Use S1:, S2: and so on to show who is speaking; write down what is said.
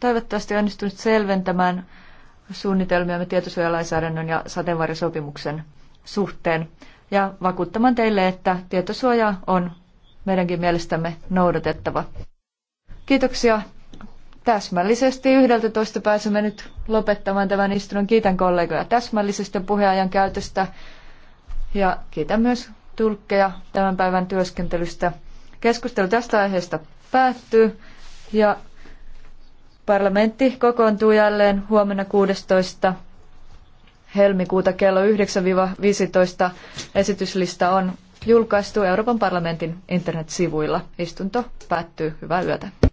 S1: toivottavasti onnistunut selventämään suunnitelmiamme tietosuojalainsäädännön ja sateenvarjosopimuksen suhteen ja vakuuttamaan teille, että tietosuoja on meidänkin mielestämme noudatettava. Kiitoksia täsmällisesti yhdeltä toista pääsemme nyt lopettamaan tämän istunnon. Kiitän kollegoja täsmällisestä puheajan käytöstä ja kiitän myös tulkkeja tämän päivän työskentelystä. Keskustelu tästä aiheesta päättyy ja Parlamentti kokoontuu jälleen huomenna 16. helmikuuta kello 9-15. Esityslista on julkaistu Euroopan parlamentin internetsivuilla. Istunto päättyy. Hyvää yötä.